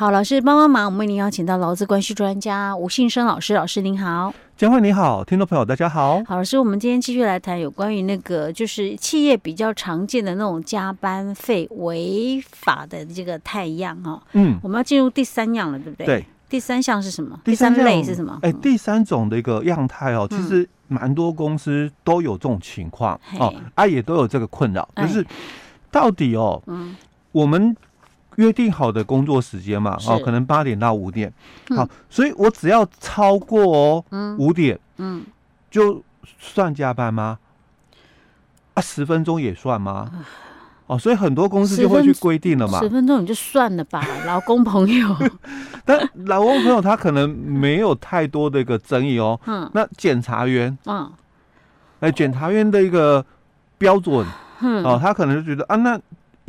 好，老師幫幫忙，我們為您邀請到勞資關係專家吳信生老師，老師您好，江惠你好，聽眾朋友大家好。好，老師，我們今天繼續來談有關於那個就是企業比較常見的那種加班費違法的這個態樣哈、哦，嗯，我們要進入第三樣了，對不對？對，第三項是什麼？第三，第三類是什麼？哎、欸，第三種的一個樣態哦，嗯、其實蠻多公司都有這種情況嘿哦，啊，也都有這個困擾，欸、可是到底哦，嗯，我們。約定好的工作時間嘛，是哦，可能八點到五點，嗯、好，所以我只要超過哦，五點，嗯，嗯，就算加班嗎？啊，十分鐘也算嗎？哦，所以很多公司就會去規定了嘛，十分鐘你就算了吧，勞工 工朋友 。但勞工朋友他可能沒有太多的一個爭議哦，嗯，那檢察員，嗯，哎，檢察員的一個標準，嗯，哦，他可能就覺得啊，那。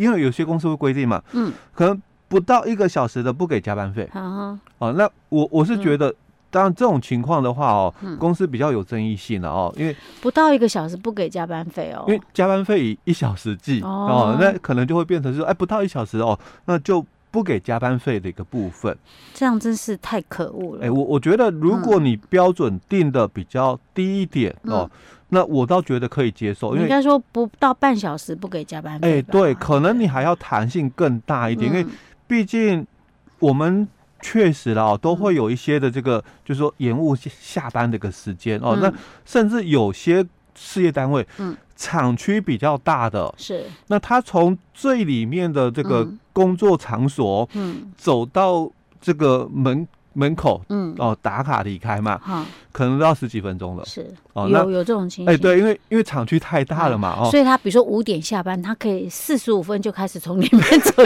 因為有些公司會規定嘛，嗯，可能不到一個小時的不給加班費，嗯、哦，那我我是覺得，嗯、當然這種情況的話哦，嗯、公司比較有爭議性了哦，因為不到一個小時不給加班費哦，因為加班費以一小時計哦，哦，那可能就會變成、就是哎，不到一小時哦，那就。不給加班費的一個部分，這樣真是太可惡了。哎、欸，我我覺得如果你標準定的比較低一點、嗯、哦，那我倒覺得可以接受。嗯、因為應該說不到半小時不給加班費，哎、欸，對，對，可能你還要彈性更大一點，嗯、因為畢竟我們確實啦都會有一些的這個，就是說延誤下班的一個時間哦，嗯、那甚至有些。事業單位，嗯，廠區比較大的是，那他從最裡面的這個工作場所，嗯，走到這個門門口，嗯，哦，打卡離開嘛，哈，可能都要十幾分鐘了，是，哦，有有這種情況，哎，對，因為因為廠區太大了嘛，哦，所以他比如說五點下班，他可以四十五分就開始從裡面走，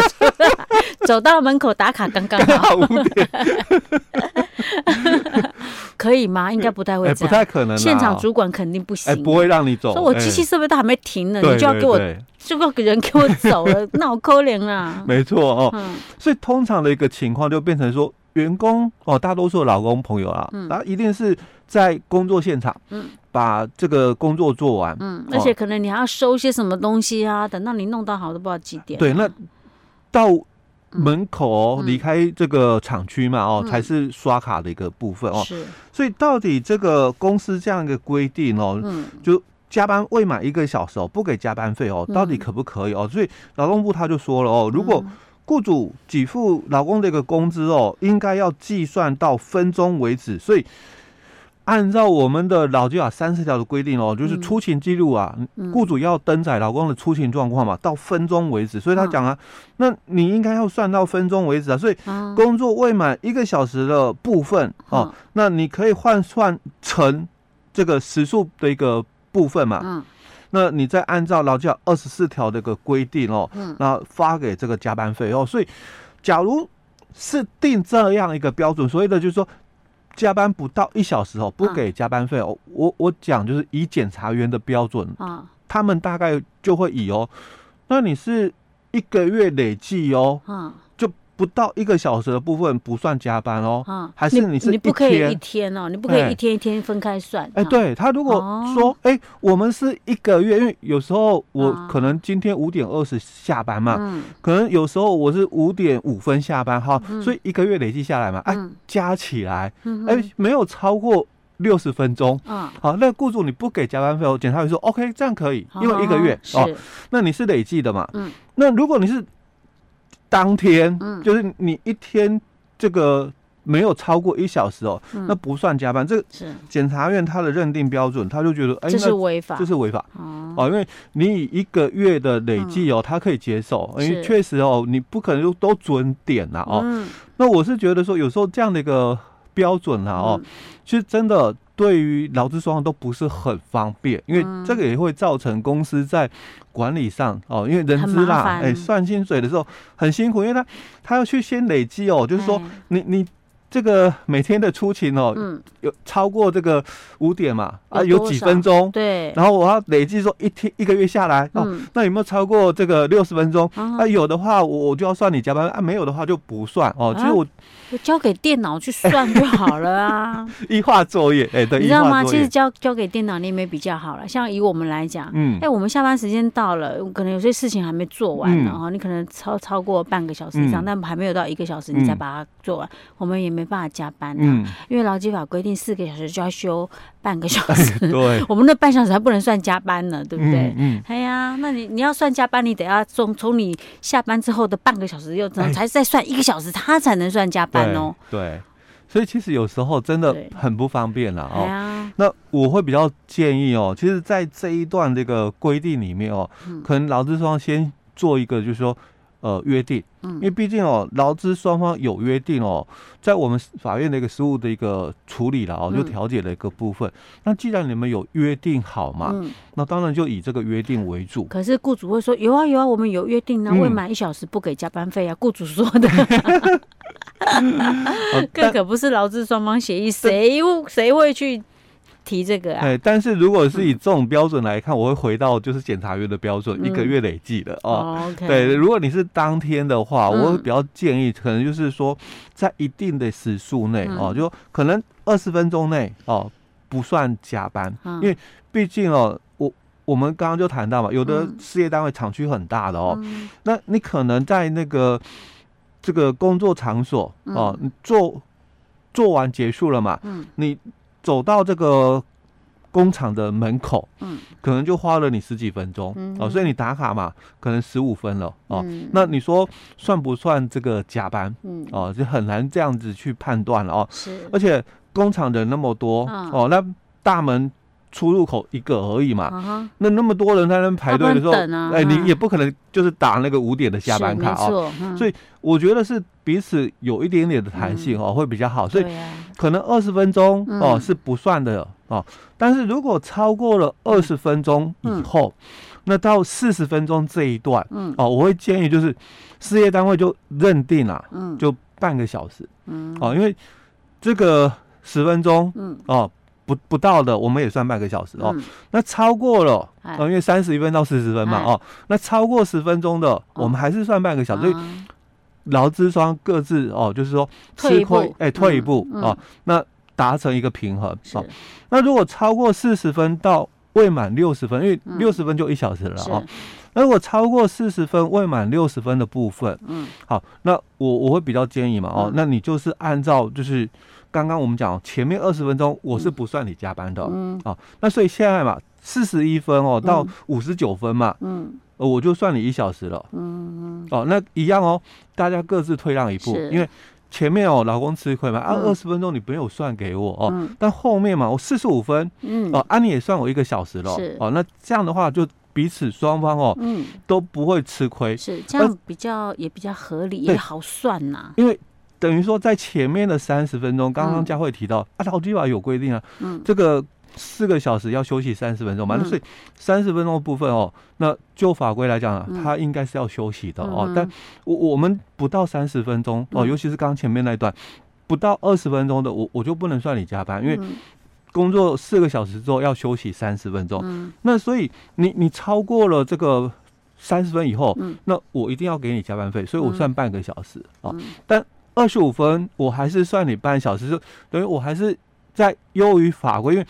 走到門口打卡，剛剛好五點。可以嗎？應該不太會不太可能。現場主管肯定不行，不會讓你走。所以我機器設備都還沒停呢，你就要給我就要給人給我走了，那好可憐啊。沒錯哦，所以通常的一個情況就變成說，員工哦，大多數的勞工朋友啊，然後一定是在工作現場，把這個工作做完，嗯，而且可能你還要收些什麼東西啊，等到你弄到好都不知道幾點。對，那到。門口、哦、離開這個廠區嘛，哦，嗯、才是刷卡的一個部分哦。是。所以到底這個公司這樣一個規定哦，嗯、就加班未滿一個小時、哦、不給加班費哦，到底可不可以哦？所以勞動部他就說了哦，如果雇主給付勞工的一個工資哦，應該要計算到分鐘為止。所以。按照我們的勞基法三十條的規定哦，就是出勤記錄啊，嗯嗯、雇主要登載勞工的出勤狀況嘛，到分鐘為止。所以他講啊，嗯、那你應該要算到分鐘為止啊。所以工作未滿一個小時的部分、嗯嗯、啊，那你可以換算成這個時數的一個部分嘛。嗯。那你再按照勞基法二十四條的一個規定哦，嗯、那發給這個加班費哦。所以，假如是定這樣一個標準，所謂的就是說。加班不到一小時哦，不給加班費哦。嗯、我我講就是以檢察員的標準，嗯、他們大概就會以哦，那你是一個月累計哦。嗯嗯不到一個小時的部分不算加班哦，還是你是你不可以一天哦，你不可以一天一天分開算。哎，對他如果說，哎，我們是一個月，因為有時候我可能今天五點二十下班嘛，可能有時候我是五點五分下班哈，所以一個月累計下來嘛，哎，加起來，哎，沒有超過六十分鐘，好，那雇主你不給加班費哦，我檢查員說 OK，這樣可以，因為一個月哦，那你是累計的嘛，嗯，那如果你是。當天，嗯、就是你一天這個沒有超過一小時哦、喔，嗯、那不算加班。這個檢察院他的認定標準，他就覺得，哎、欸，這是違法，這是違法哦、嗯喔。因為你以一個月的累計哦、喔，他、嗯、可以接受，因為確實哦、喔，你不可能都都準點吶哦、喔。嗯、那我是覺得說，有時候這樣的一個標準啊哦、喔，嗯、其實真的。對於勞資雙方都不是很方便，因為這個也會造成公司在管理上、嗯、哦，因為人資啦，哎、欸，算薪水的時候很辛苦，因為他他要去先累積哦，就是說你、嗯、你。這個每天的出勤哦，有超過這個五點嘛？啊，有幾分鐘？對。然後我要累計說一天一個月下來，那有沒有超過這個六十分鐘？啊，有的話我我就要算你加班啊，沒有的話就不算哦。其實我交給電腦去算就好了啊，一化作業哎，等一下你知道嗎？其實交交給電腦你也沒比較好了。像以我們來講，嗯，哎，我們下班時間到了，可能有些事情還沒做完，啊，你可能超超過半個小時以上，但還沒有到一個小時，你再把它做完，我們也。沒辦法加班的，嗯、因為勞基法規定四個小時就要休半個小時，哎、對，我們那半小時還不能算加班呢，對不對？嗯，嗯，哎呀，那你你要算加班，你得要從從你下班之後的半個小時又怎麼才再算一個小時，哎、他才能算加班哦。對，對，所以其實有時候真的很不方便了哦。對那我會比較建議哦，其實，在這一段這個規定裡面哦，嗯、可能勞資雙先做一個，就是說。呃，約定，嗯，因為畢竟哦，勞資雙方有約定哦，在我們法院的一個實務的一個處理了哦，就調解了一個部分。嗯、那既然你們有約定好嘛，嗯、那當然就以這個約定為主。可是雇主會說有啊有啊，我們有約定呢、啊，未滿一小時不給加班費啊，雇、嗯、主說的。這 可不是勞資雙方協議，誰誰會去？提這個啊？對，但是如果是以這種標準來看，我會回到就是檢察院的標準，一個月累計的哦。對，如果你是當天的話，我會比較建議，可能就是說在一定的時數內哦，就可能二十分鐘內哦不算加班，因為畢竟哦，我我們剛剛就談到嘛，有的事業單位廠區很大的哦，那你可能在那個這個工作場所哦你做做完結束了嘛，嗯，你。走到這個工廠的門口，嗯，可能就花了你十幾分鐘，嗯哼、哦，所以你打卡嘛，可能十五分了，哦，嗯、那你說算不算這個加班？嗯、哦，就很難這樣子去判斷了，哦，是，而且工廠人那麼多，嗯、哦，那大門。出入口一個而已嘛，uh huh、那那麼多人在那排隊的時候，啊、哎，你也不可能就是打那個五點的下班卡啊，嗯、所以我覺得是彼此有一點點的彈性哦、啊，嗯、會比較好，所以可能二十分鐘哦、啊嗯、是不算的哦、啊，但是如果超過了二十分鐘以後，嗯嗯、那到四十分鐘這一段哦、啊，嗯、我會建議就是事業單位就認定了、啊，嗯，就半個小時，嗯，哦，因為這個十分鐘、啊嗯，嗯，哦。不不到的，我們也算半個小時哦。那超過了，哦，因為三十一分到四十分嘛，哦，那超過十分鐘的，我們還是算半個小時。所以勞資雙各自哦，就是說吃虧，哎，退一步啊，那達成一個平衡啊。那如果超過四十分到未滿六十分，因為六十分就一小時了哦。那如果超過四十分未滿六十分的部分，嗯，好，那我我會比較建議嘛，哦，那你就是按照就是。剛剛我們講前面二十分鐘，我是不算你加班的，嗯，那所以現在嘛，四十一分哦到五十九分嘛，嗯，我就算你一小時了，嗯哦，那一樣哦，大家各自退讓一步，因為前面哦勞工吃虧嘛，按二十分鐘你沒有算給我哦，但後面嘛我四十五分，嗯哦，按你也算我一個小時了，是哦，那這樣的話就彼此雙方哦都不會吃虧，是這樣比較也比較合理也好算吶，因為。等於說，在前面的三十分鐘，剛剛佳慧提到啊，勞基法有規定啊，這個四個小時要休息三十分鐘嘛，那所以三十分鐘的部分哦，那就法規來講啊，它應該是要休息的哦。但我我們不到三十分鐘哦，尤其是剛剛前面那段不到二十分鐘的，我我就不能算你加班，因為工作四個小時之後要休息三十分鐘。那所以你你超過了這個三十分以後，那我一定要給你加班費，所以我算半個小時哦。但。二十五分，我還是算你半小時，就等於我還是在優於法規，因為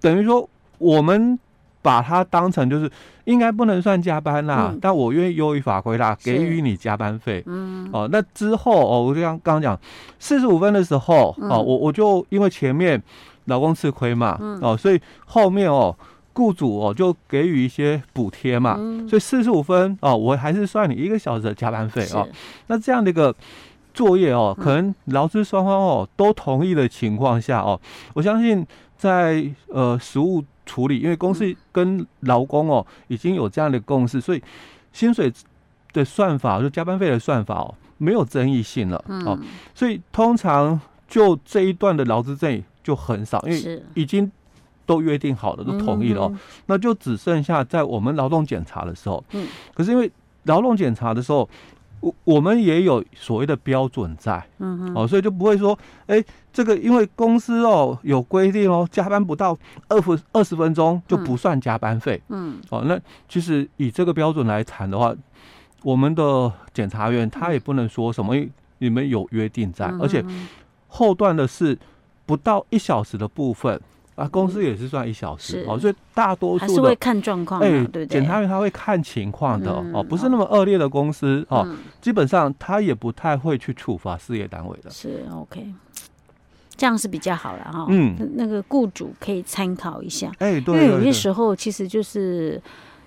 等於說我們把它當成就是應該不能算加班啦、啊，嗯、但我願意優於法規啦、啊，給予你加班費。嗯，哦，那之後哦，我就剛剛講四十五分的時候，哦，嗯、我我就因為前面老公吃虧嘛，嗯、哦，所以後面哦，雇主哦就給予一些補貼嘛，嗯、所以四十五分哦，我還是算你一個小時的加班費是哦，那這樣的一個。作業哦，可能勞資雙方哦、嗯、都同意的情況下哦，我相信在呃實務處理，因為公司跟勞工哦、嗯、已經有這樣的共識，所以薪水的算法就加班費的算法哦，沒有爭議性了哦，嗯、所以通常就這一段的勞資爭議就很少，因為已經都約定好了，都同意了哦，嗯嗯、那就只剩下在我們勞動檢查的時候，嗯，可是因為勞動檢查的時候。我我們也有所謂的標準在，嗯哼，哦，所以就不會說，哎，這個因為公司哦有規定哦，加班不到二分二十分鐘就不算加班費，嗯，嗯哦，那其實以這個標準來談的話，我們的檢察員他也不能說什麼，你們有約定在，而且後段的是不到一小時的部分。嗯哼嗯啊，公司也是算一小時、嗯、哦，所以大多數還是會看狀況，誒對對檢察員他會看情況的，嗯、哦，不是那麼惡劣的公司，嗯、哦，嗯，基本上他也不太會去處罰事業單位的，是 OK，這樣是比較好了哈，哦，嗯，那，那個僱主可以參考一下，哎，對對對，因為有些時候其實就是。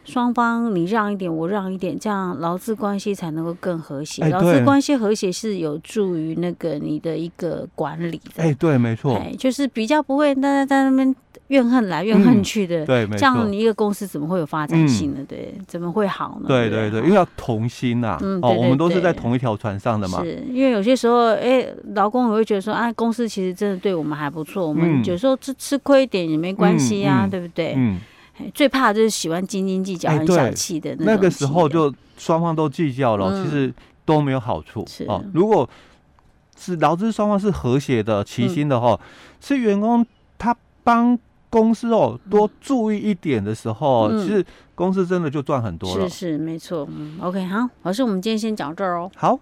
雙方你讓一點，我讓一點，這樣勞資關係才能夠更和諧。勞資、欸、關係和諧是有助於那個你的一個管理。哎、欸，對，沒錯、欸，就是比較不會在在那邊怨恨來怨恨去的。嗯、對，這樣你一個公司怎麼會有發展性的？嗯、對，怎麼會好呢？對對對，因為要同心吶、啊。嗯，對，對，對，對哦，我們都是在同一條船上的嘛。是因為有些時候，哎、欸，勞工也會覺得說，啊，公司其實真的對我們還不錯。嗯、我們有時候吃吃虧一點也沒關係呀、啊，嗯嗯、對不對？嗯。最怕的就是喜歡斤斤計較、欸、對很小氣的，那、的那個時候就雙方都計較了，嗯、其實都沒有好處。是，哦，如果是勞資雙方是和諧的、齊心的話，嗯、是員工他幫公司哦多注意一點的時候，嗯、其實公司真的就賺很多了。是是沒錯。嗯，OK，好，老師，我們今天先講這兒哦。好。